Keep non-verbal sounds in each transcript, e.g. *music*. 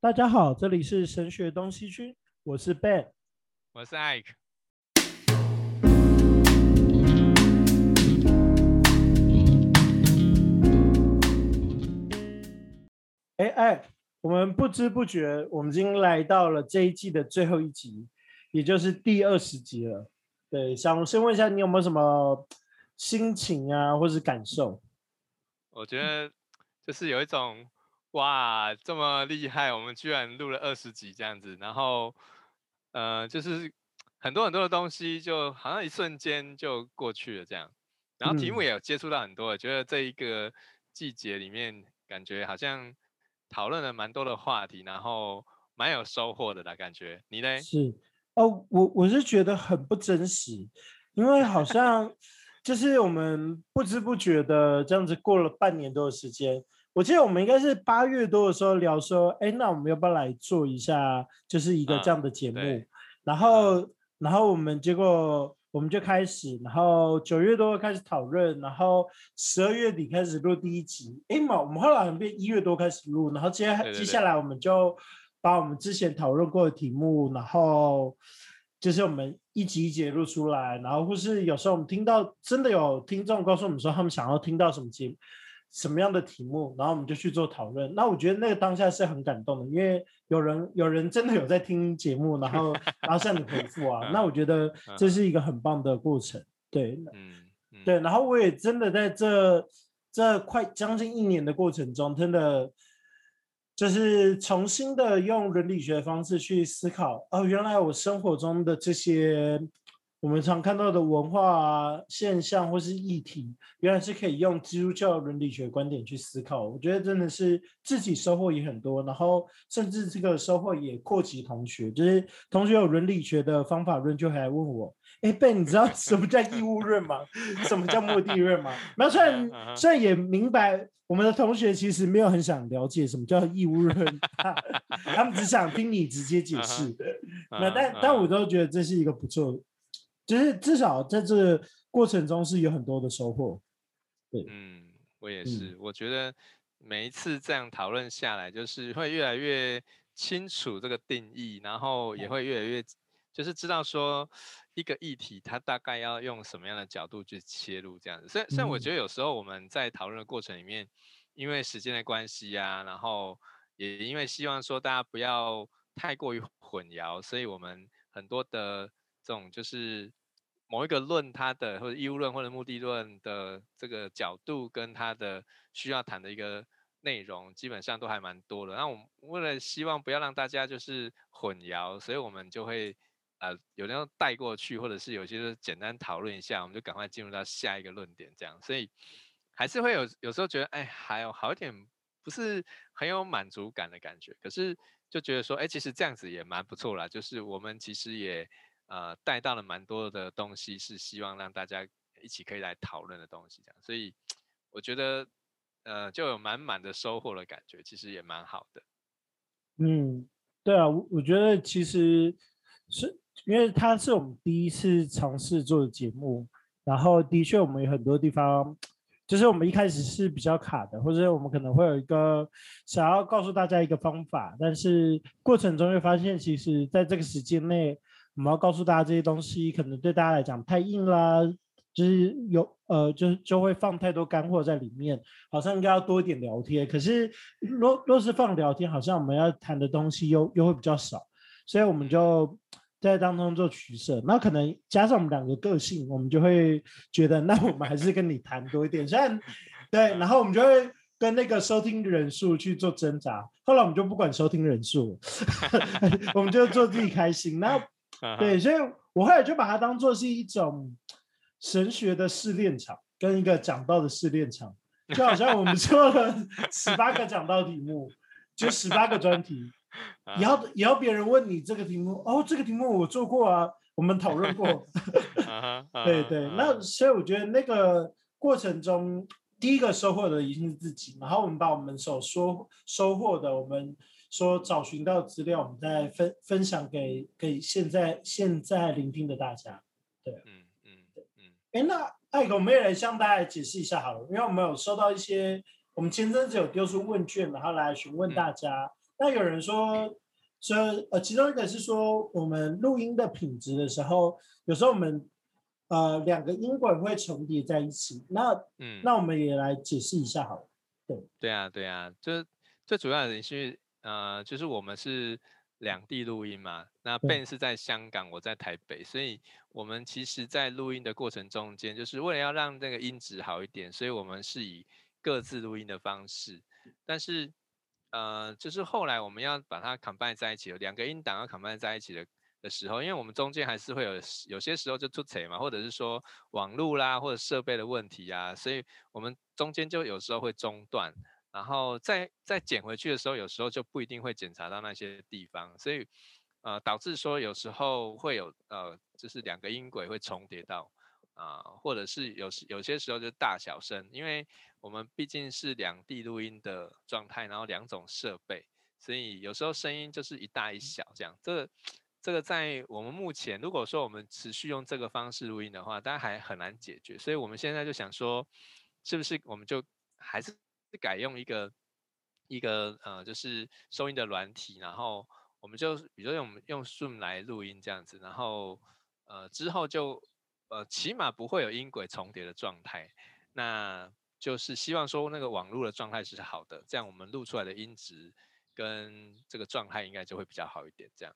大家好，這裡是神學東西君，我是 Ben，我是艾克。哎哎、欸欸，我們不知不覺，我們已經來到了這一季的最後一集，也就是第二十集了。對，想先問一下你有沒有什麼心情啊，或是感受？我覺得就是有一種。哇，這麼厲害！我們居然錄了二十集這樣子，然後呃，就是很多很多的東西，就好像一瞬間就過去了這樣。然後題目也有接觸到很多，嗯、覺得這一個季節裡面，感覺好像討論了蠻多的話題，然後蠻有收穫的啦。感覺你呢？是。哦，我我是覺得很不真實，因為好像就是我們不知不覺的這樣子過了半年多的時間。我記得我們應該是八月多的時候聊說，哎，那我們要不要來做一下，就是一個這樣的節目？啊、然後，嗯、然後我們結果我們就開始，然後九月多開始討論，然後十二月底開始錄第一集。哎嘛，我們後來變一月多開始錄，然後接對對對，接下來我們就把我們之前討論過的題目，然後就是我們一集一集錄出來，然後或是有時候我們聽到真的有聽眾告訴我們說，他們想要聽到什麼節目，什麼樣的題目，然後我們就去做討論。那我覺得那個當下是很感動的，因為有人有人真的有在聽節目， *laughs* 然後然後向你的回復啊， *laughs* 那我覺得這是一個很棒的過程。對，對。然後我也真的在這這快將近一年的過程中，真的就是重新的用倫理學的方式去思考。哦，原來我生活中的這些。我們常看到的文化、啊、現象或是議題，原來是可以用基督教倫理學觀點去思考。我覺得真的是自己收穫也很多，然後甚至這個收穫也擴及同學，就是同學有倫理學的方法論就還問我：“哎、欸、，Ben，你知道什麼叫義務論嗎？ *laughs* 什麼叫目的論嗎？”那雖然、uh huh. 雖然也明白，我們的同學其實沒有很想了解什麼叫義務論、uh huh.，他們只想聽你直接解釋。Uh huh. uh huh. 那但但我都覺得這是一個不錯。就是至少在這個過程中是有很多的收穫。對，嗯，我也是。嗯、我覺得每一次這樣討論下來，就是會越來越清楚這個定義，然後也會越來越、嗯、就是知道說一個議題它大概要用什麼樣的角度去切入這樣子。所以，所以我覺得有時候我們在討論的過程裡面，嗯、因為時間的關係呀、啊，然後也因為希望說大家不要太過於混淆，所以我們很多的。這種就是某一個論它的，或者義務論或者目的論的這個角度，跟它的需要談的一個內容，基本上都還蠻多的。那我們為了希望不要讓大家就是混淆，所以我們就會呃有那種帶過去，或者是有些就簡單討論一下，我們就趕快進入到下一個論點這樣。所以還是會有有時候覺得哎還有好一點，不是很有滿足感的感覺，可是就覺得說哎其實這樣子也蠻不錯啦，就是我們其實也。呃，帶到了蠻多的東西，是希望讓大家一起可以來討論的東西，這樣，所以我覺得，呃，就有滿滿的收穫的感覺，其實也蠻好的。嗯，對啊，我我覺得其實是因為它是我們第一次嘗試做的節目，然後的確我們有很多地方，就是我們一開始是比較卡的，或者我們可能會有一個想要告訴大家一個方法，但是過程中又發現，其實在這個時間內。我們要告訴大家這些東西，可能對大家來講太硬啦，就是有呃，就是就會放太多乾貨在裡面，好像應該要多一點聊天。可是若若是放聊天，好像我們要談的東西又又會比較少，所以我們就在當中做取舍。那可能加上我們兩個個性，我們就會覺得，那我們還是跟你談多一點。雖然對，然後我們就會跟那個收聽人數去做掙扎。後來我們就不管收聽人數，我們就做自己開心。那。Uh huh. 對，所以我後來就把它當做是一種神學的試煉場，跟一個講道的試煉場，就好像我們做了十八個講道題目， *laughs* 就十八個專題，然後然後別人問你這個題目，哦，這個題目我做過啊，我們討論過，對對，那所以我覺得那個過程中，第一個收穫的一定是自己，然後我們把我們所說收穫的我們。說找尋到資料，我們再分分享給、嗯、給現在現在聆聽的大家。對，嗯嗯哎，那艾可，嗯、我們也來向大家解釋一下好了，因為我們有收到一些，我們前陣子有丟出問卷，然後來詢問大家。嗯、那有人說，說呃，其中一個是說，我們錄音的品質的時候，有時候我們呃兩個音軌會重疊在一起。那、嗯、那我們也來解釋一下好了。對，對啊，對啊，就最主要的也是。呃，就是我們是兩地錄音嘛，那 Ben 是在香港，我在台北，所以我們其實在錄音的過程中間，就是為了要讓那個音質好一點，所以我們是以各自錄音的方式。但是，呃，就是後來我們要把它 combine 在一起，兩個音檔要 combine 在一起的的時候，因為我們中間還是會有有些時候就出差嘛，或者是說網絡啦或者設備的問題啊，所以我們中間就有時候會中斷。然後再再，再撿回去的時候，有時候就不一定會檢查到那些地方，所以呃，導致說有時候會有呃，就是兩個音軌會重疊到啊、呃，或者是有有些時候就大小聲，因為我們畢竟是兩地錄音的狀態，然後兩種設備，所以有時候聲音就是一大一小這樣。這個、這個在我們目前如果說我們持續用這個方式錄音的話，大家還很難解決，所以我們現在就想說，是不是我們就還是。改用一個一個呃，就是收音的軟體，然後我們就比如說用用 Zoom 來錄音這樣子，然後呃之後就呃起碼不會有音軌重疊的狀態，那就是希望說那個網絡的狀態是好的，這樣我們錄出來的音質跟這個狀態應該就會比較好一點這樣。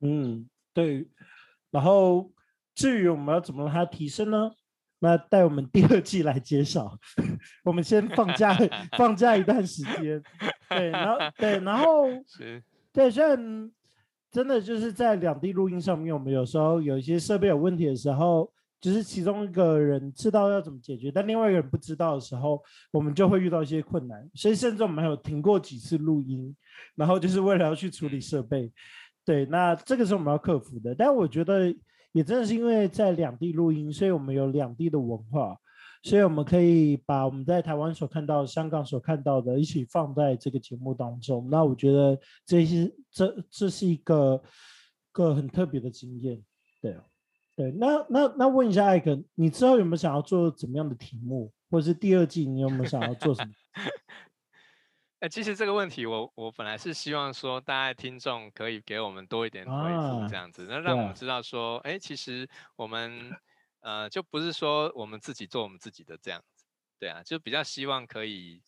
嗯，對。然後至於我們要怎麼來提升呢？那帶我們第二季來介紹， *laughs* 我們先放假， *laughs* 放假一段時間，對，然後對，然後是對，雖然真的就是在兩地錄音上面，我們有時候有一些設備有問題的時候，就是其中一個人知道要怎麼解決，但另外一個人不知道的時候，我們就會遇到一些困難，所以甚至我們還有停過幾次錄音，然後就是為了要去處理設備，對，那這個是我們要克服的，但我覺得。也真的是因為在兩地錄音，所以我們有兩地的文化，所以我們可以把我們在台灣所看到、香港所看到的，一起放在這個節目當中。那我覺得這是這這是一個個很特別的經驗。對，對，那那那，那問一下艾克，你之後有沒有想要做怎麼樣的題目，或者是第二季你有沒有想要做什麼？ *laughs* 哎，其實這個問題我，我我本來是希望說，大家聽眾可以給我們多一點回復，這樣子，那、啊、讓我們知道說，哎、嗯，其實我們，呃，就不是說我們自己做我們自己的這樣子，對啊，就比較希望可以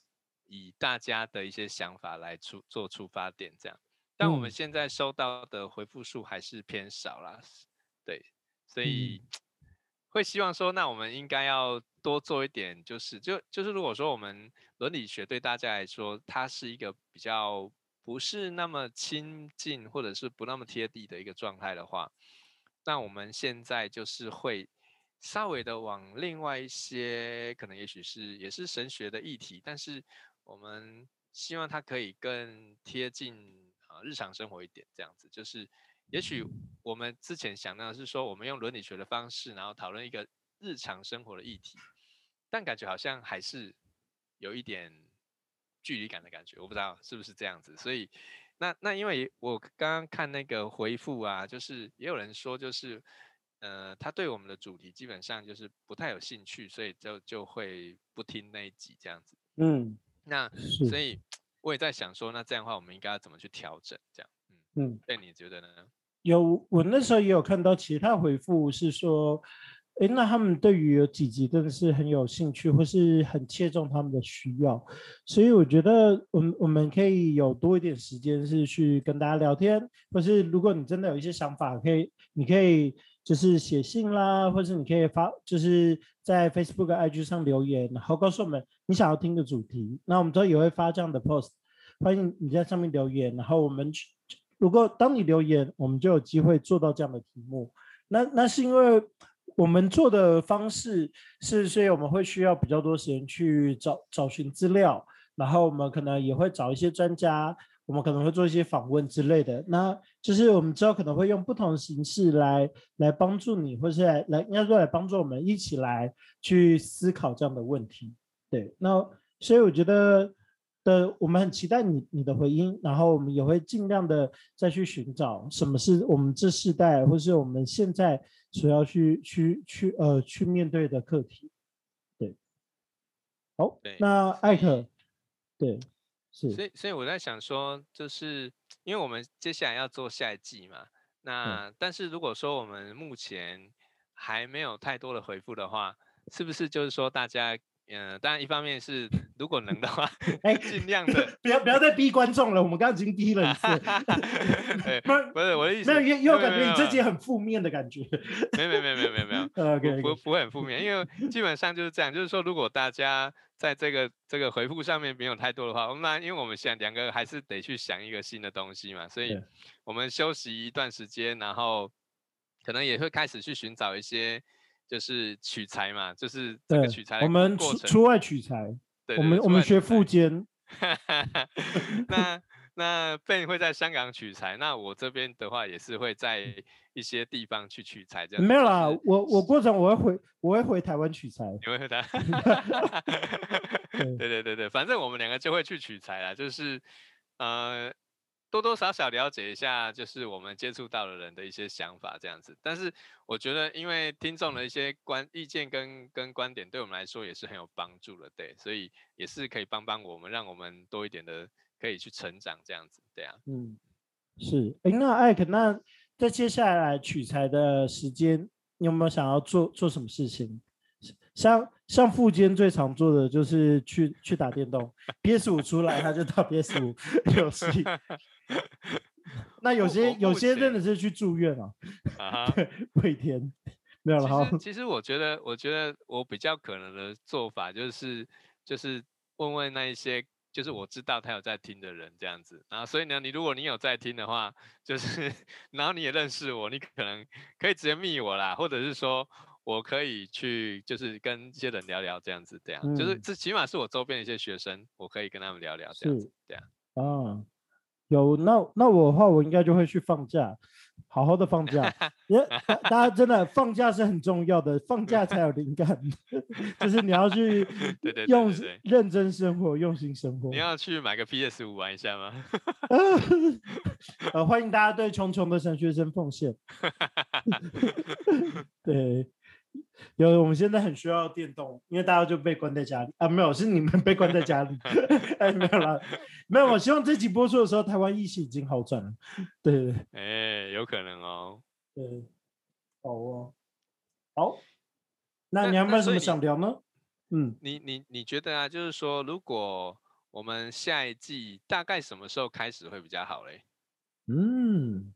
以大家的一些想法來出做出發點這樣，但我們現在收到的回復數還是偏少了，嗯、對，所以。嗯會希望說，那我們應該要多做一點、就是就，就是就就是，如果說我們倫理學對大家來說，它是一個比較不是那麼親近或者是不那麼貼地的一個狀態的話，那我們現在就是會稍微的往另外一些可能，也許是也是神學的議題，但是我們希望它可以更貼近啊、呃、日常生活一點，這樣子就是，也許。我們之前想到的是說，我們用倫理學的方式，然後討論一個日常生活的議題，但感覺好像還是有一點距離感的感覺，我不知道是不是這樣子。所以，那那因為我剛剛看那個回復啊，就是也有人說，就是呃，他對我們的主題基本上就是不太有興趣，所以就就會不聽那一集這樣子。嗯，那是所以我也在想說，那這樣的話，我們應該要怎麼去調整這樣？嗯嗯，那你覺得呢？有，我那時候也有看到其他回復是說，誒，那他們對於有幾集真的是很有興趣，或是很切中他們的需要，所以我覺得我們，我我們可以有多一點時間是去跟大家聊天，或是如果你真的有一些想法，可以，你可以就是寫信啦，或是你可以發就是在 Facebook、IG 上留言，然後告訴我們你想要聽的主題，那我們之後也會發這樣的 post，歡迎你在上面留言，然後我們去。如果當你留言，我們就有機會做到這樣的題目。那那是因為我們做的方式是，所以我們會需要比較多時間去找找尋資料，然後，我們可能也會找一些專家，我們可能會做一些訪問之類的。那就是我們之後可能會用不同的形式來來幫助你，或是來來應該說來幫助我們一起來去思考這樣的問題。對，那所以我覺得。的，我們很期待你你的回音，然後我們也會盡量的再去尋找，什麼是我們這世代，或是我們現在所要去去去呃去面對的課題。對，好，對那艾克，對，是。所以所以我在想說，就是因為我們接下來要做下一季嘛，那、嗯、但是如果說我們目前還沒有太多的回復的話，是不是就是說大家？嗯，當然，一方面是如果能的話，哎，盡量的，欸、不要不要再逼觀眾了。 *laughs* 我們剛剛已經逼了一次，不、 *laughs* 欸、不是我的意思。那又有又感覺你自己很負面的感覺。沒有，沒有，沒有，沒有，沒有，呃， *laughs* 不不會很負面， *laughs* 因為基本上就是這樣，就是說，如果大家在這個這個回復上面沒有太多的話，我們因為我們現在兩個還是得去想一個新的東西嘛，所以我們休息一段時間，然後可能也會開始去尋找一些。就是取材嘛，就是個取材對。我們出外取材，我們我們學副監。那那 Ben 會在香港取材，那我這邊的話也是會在一些地方去取材這樣。沒有啦，我我過程我會回我會回台灣取材。你會回台？ *laughs* 對對對對，反正我們兩個就會去取材啦，就是呃。多多少少了解一下，就是我們接觸到的人的一些想法這樣子。但是我覺得，因為聽眾的一些觀意見跟跟觀點，對我們來說也是很有幫助的，對，所以也是可以幫幫我們，讓我們多一點的可以去成長這樣子，對啊。嗯，是。哎，那艾克，欸，那在接下來取材的時間，你有沒有想要做做什麼事情？像像付堅最常做的就是去去打電動，P S 五出來他就到 P S 五遊戲 *laughs* 戲。 *laughs* 那有些有些真的是去住院了啊。啊哈， *laughs* 每天實沒有了哈。其實我覺得，我覺得我比較可能的做法就是就是問問那一些就是我知道他有在聽的人這樣子。然後所以呢，你如果你有在聽的話，就是然後你也認識我，你可能可以直接密我啦，或者是說。我可以去，就是跟一些人聊聊這樣子，這樣、嗯、就是這起碼是我周邊的一些學生，我可以跟他們聊聊這樣子，這樣哦、嗯，有那那我的話，我應該就會去放假，好好的放假，因、yeah, *laughs* 大家真的放假是很重要的，放假才有靈感， *laughs* 就是你要去對對,對對，用認真生活，用心生活。你要去買個 PS 五玩一下嗎 *laughs* 呃呃？歡迎大家對窮窮的神學生奉獻。 *laughs* *laughs* 對。有，我們現在很需要電動，因為大家就被關在家裡啊，沒有，是你們被關在家裡，哎、 *laughs* 欸，沒有啦，沒有。我希望這集播出的時候， *laughs* 台灣疫情已經好轉了。對對哎、欸，有可能哦。對，好哦，好，那你還有沒有什麼想聊呢？嗯，你你你覺得啊，就是說，如果我們下一季大概什麼時候開始會比較好嘞？嗯，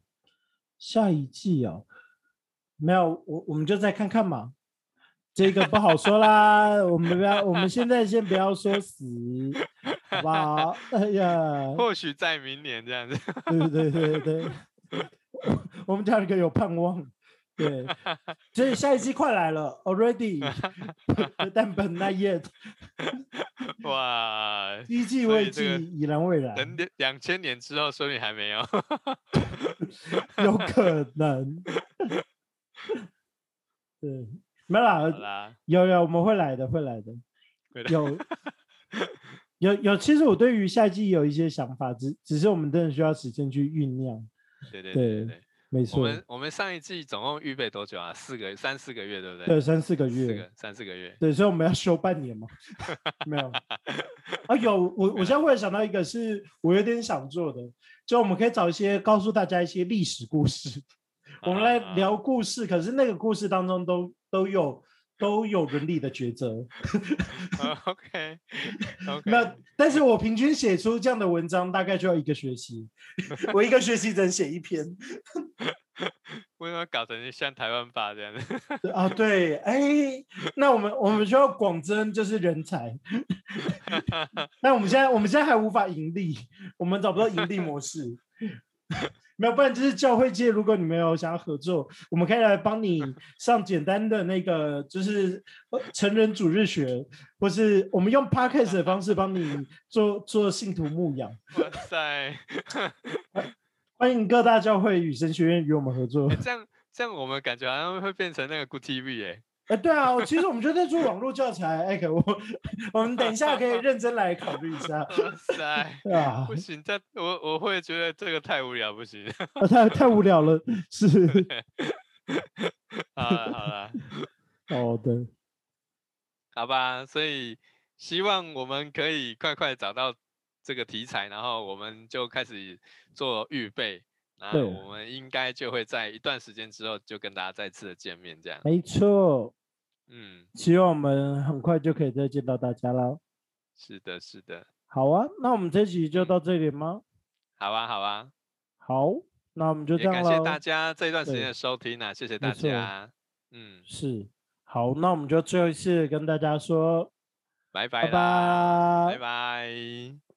下一季啊、哦，沒有，我我們就再看看嘛。這個不好說啦，我們不要，我們現在先不要說死， *laughs* 好不好？哎呀，或許在明年這樣子， *laughs* 對對對對對，我，我們家這個有盼望，對，所以下一季快來了，already，but not yet， *laughs* 哇，一季未至，已然未來、這個，等兩千年之後，孫女還沒有， *laughs* *laughs* 有可能， *laughs* 對。沒有啦，啦有有，我們會來的，會來的，了有有有。其實我對於下一季有一些想法，只只是我們真的需要時間去醞釀。對對，對對對，沒錯。我們我們上一季總共預備多久啊？四個三四個月，對不對？對，三四個月。四個三四個月。對，所以我們要休半年嘛。 *laughs* 沒有啊，有我我現在忽然想到一個，是我有點想做的，就我們可以找一些告訴大家一些歷史故事， *laughs* 我們來聊故事。啊啊可是那個故事當中都。都有都有倫理的抉擇、 *laughs* uh,，OK，, okay. *laughs* 那但是我平均寫出這樣的文章大概就要一個學期， *laughs* 我一個學期只能寫一篇，為 *laughs* 什麼搞成像台灣法這樣 *laughs* 啊，對，哎，那我們我們需要廣徵就是人才， *laughs* *laughs* 那我們現在我們現在還無法盈利，我們找不到盈利模式。 *laughs* *laughs* 沒有，不然就是教會界。如果你沒有想要合作，我們可以來幫你上簡單的那個，就是成人主日學，或是我們用 podcast 的方式幫你做做信徒牧養。哇塞、 *laughs* 啊！歡迎各大教會與神學院與我們合作、欸。這樣，這樣我們感覺好像會變成那個 Good TV、欸哎，對啊，其實我們就在做網絡教材，哎，我我們等一下可以認真來考慮一下。哇塞，對啊，不行，這我我會覺得這個太無聊，不行，啊、太太無聊了，是。好了好了，好了，好的，好吧，所以希望我們可以快快找到這個題材，然後我們就開始做預備，然後我們應該就會在一段時間之後就跟大家再次的見面，這樣。沒錯。嗯，希望我們很快就可以再見到大家啦。是的，是的，是的，好啊，那我們這集就到這裡嗎？嗯、好，啊好啊，好啊，好，那我們就這樣了。感謝大家這一段時間的收聽啊，對謝謝大家。錯嗯，是，好，那我們就最後一次跟大家說，拜拜啦，拜拜。拜拜。